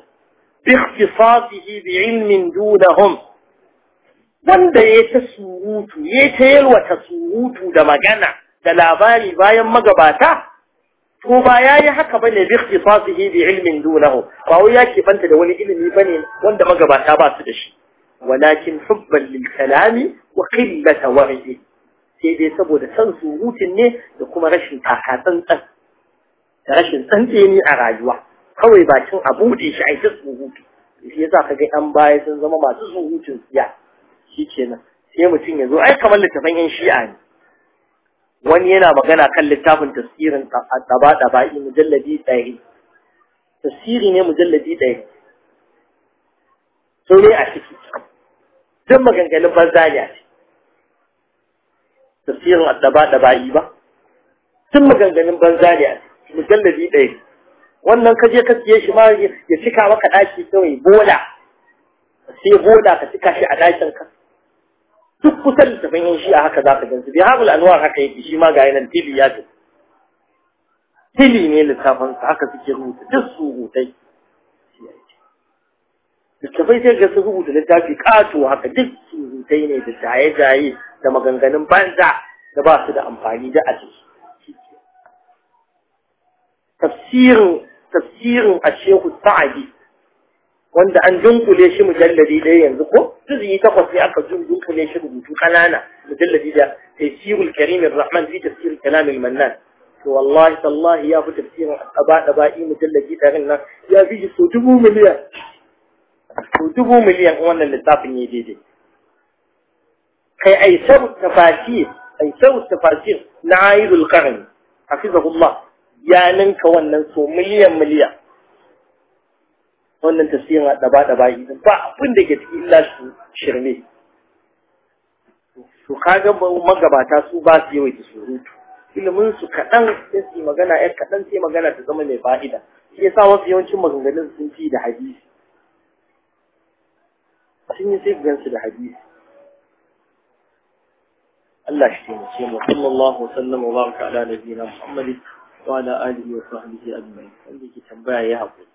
باختصاصه بعلم دونهم wanda ya ta surutu ya ta yalwata surutu da magana da labari bayan magabata to ba ya yi haka ba ne bikti fasihi bi ilmin dunahu ba wai ya banta da wani ilimi ba ne wanda magabata ba su da shi walakin hubban lil kalami wa qillata wa'i sai dai saboda san surutun ne da kuma rashin taka tsantsan da rashin tsantseni a rayuwa kawai bakin a bude shi a yi ta surutu shi yasa ka ga an baya sun zama masu surutun siya shi kenan sai mutum ya zo ai kamar littafin yan shi'a ne wani yana magana kan littafin tafsirin daba daba'i mujalladi ɗaya Tasiri ne mujalladi ɗaya sau ne a ciki duk maganganun banza ne a ciki tafsirin daba daba'i ba duk maganganun banza ne a ciki mujalladi ɗaya wannan kaje ka siye shi ma ya cika maka ɗaki kawai bola sai bola ka cika shi a ɗakin ka duk kusan da littafin yin shi'a haka za ka gansu bai biharul anwar haka yake shi ma ga 'yanar tili ya ce tili ne littafin su haka suke rubuta duk su rubutai littafai sai ga su rubuta littafi ƙato haka duk su rubutai ne da jaye-jaye da maganganun banza da ba su da amfani da a ciki tafsirin tafsirin a shehu sa'adi wanda an dunkule shi mujallari ɗaya yanzu ko جزء تقص في أكا زوم دوم كلي شد بوجو قنانا مدلة دي تيسير الكريم الرحمن في تفسير كلام المنان والله تالله يا في تفسير أبا أبائي إيه مدلة دي تغنى يا في سودبو مليان سودبو مليان وانا اللي تابن يديدي كي أيسر التفاسير أيسر التفاسير نعايد القرن حفظه الله يا ننك وانا سو مليان مليان wannan tafsirin a daba daba idan ba abin da ke cikin illa su shirme to kaga magabata su ba su yawaita surutu ilimin su kaɗan sai su magana ƴan kaɗan sai magana ta zama mai fa'ida shi yasa wasu yawancin maganganun sun fi da hadisi sun yi sai gansu da hadisi Allah shi taimake mu sallallahu sallam wa baraka ala nabiyina Muhammad wa ala alihi wa sahbihi ajma'in wanda ke tambaya ya haƙuri